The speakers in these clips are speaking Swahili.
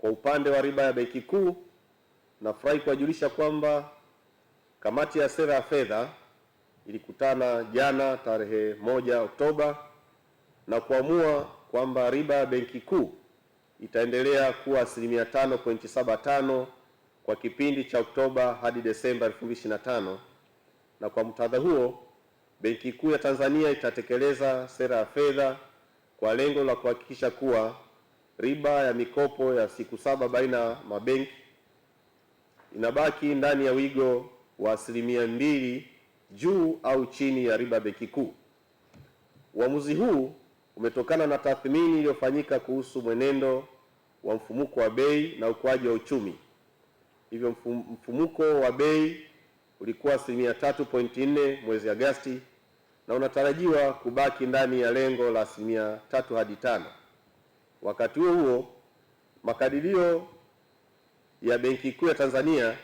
Kwa upande wa riba ya benki kuu, nafurahi kuwajulisha kwamba kamati ya sera ya fedha ilikutana jana tarehe moja Oktoba na kuamua kwamba riba ya benki kuu itaendelea kuwa asilimia 5.75 kwa kipindi cha Oktoba hadi Desemba 2025 na kwa mtadha huo Benki Kuu ya Tanzania itatekeleza sera ya fedha kwa lengo la kuhakikisha kuwa riba ya mikopo ya siku saba baina ya mabenki inabaki ndani ya wigo wa asilimia mbili juu au chini ya riba benki kuu. Uamuzi huu umetokana na tathmini iliyofanyika kuhusu mwenendo wa mfumuko wa bei na ukuaji wa uchumi. Hivyo mfumuko wa bei ulikuwa asilimia 3.4 mwezi Agosti na unatarajiwa kubaki ndani ya lengo la asilimia tatu hadi tano Wakati huo huo, makadirio ya Benki Kuu ya Tanzania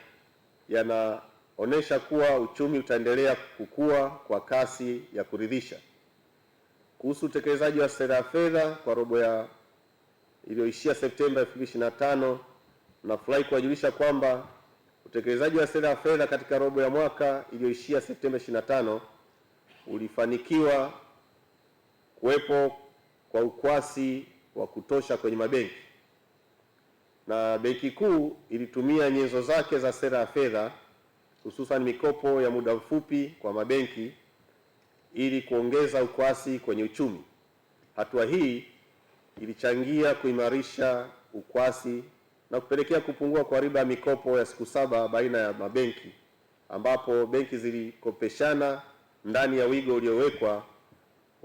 yanaonyesha kuwa uchumi utaendelea kukua kwa kasi ya kuridhisha. Kuhusu utekelezaji wa sera ya fedha kwa robo ya iliyoishia Septemba 2025, nafurahi kuwajulisha kwamba utekelezaji wa sera ya fedha katika robo ya mwaka iliyoishia Septemba 25 ulifanikiwa kuwepo kwa ukwasi wa kutosha kwenye mabenki na Benki Kuu ilitumia nyenzo zake za sera ya fedha hususan mikopo ya muda mfupi kwa mabenki ili kuongeza ukwasi kwenye uchumi. Hatua hii ilichangia kuimarisha ukwasi na kupelekea kupungua kwa riba ya mikopo ya siku saba baina ya mabenki ambapo benki zilikopeshana ndani ya wigo uliowekwa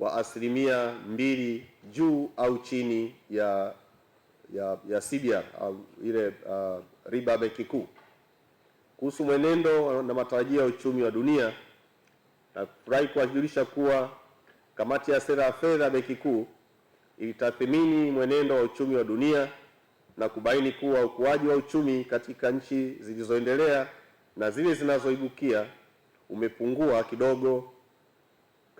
wa asilimia mbili juu au chini ya ya, ya sibia au ile uh, riba benki kuu. Kuhusu mwenendo na matarajio ya uchumi wa dunia, nafurahi kuwajulisha kuwa kamati ya sera ya fedha ya benki kuu ilitathmini mwenendo wa uchumi wa dunia na kubaini kuwa ukuaji wa uchumi katika nchi zilizoendelea na zile zinazoibukia umepungua kidogo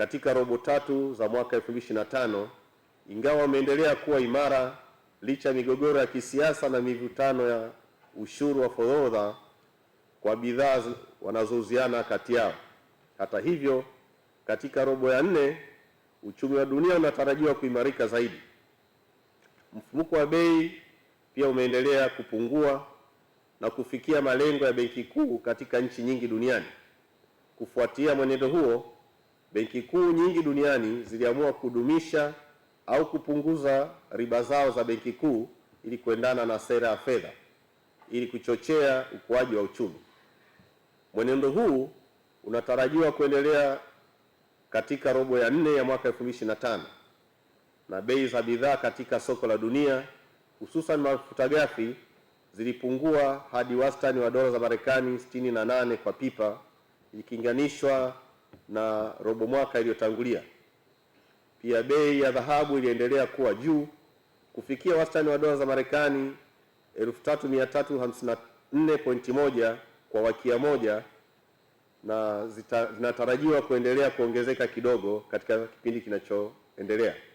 katika robo tatu za mwaka 2025 ingawa wameendelea kuwa imara licha ya migogoro ya kisiasa na mivutano ya ushuru wa forodha kwa bidhaa wanazouziana kati yao. Hata hivyo, katika robo ya nne uchumi wa dunia unatarajiwa kuimarika zaidi. Mfumuko wa bei pia umeendelea kupungua na kufikia malengo ya Benki Kuu katika nchi nyingi duniani. Kufuatia mwenendo huo Benki kuu nyingi duniani ziliamua kudumisha au kupunguza riba zao za benki kuu ili kuendana na sera ya fedha ili kuchochea ukuaji wa uchumi. Mwenendo huu unatarajiwa kuendelea katika robo ya nne ya mwaka 2025 na bei za bidhaa katika soko la dunia hususan mafuta ghafi zilipungua hadi wastani wa dola za Marekani 68 kwa pipa ikilinganishwa na robo mwaka iliyotangulia. Pia bei ya dhahabu iliendelea kuwa juu kufikia wastani wa dola za Marekani 3354.1 kwa wakia moja na zinatarajiwa kuendelea kuongezeka kidogo katika kipindi kinachoendelea.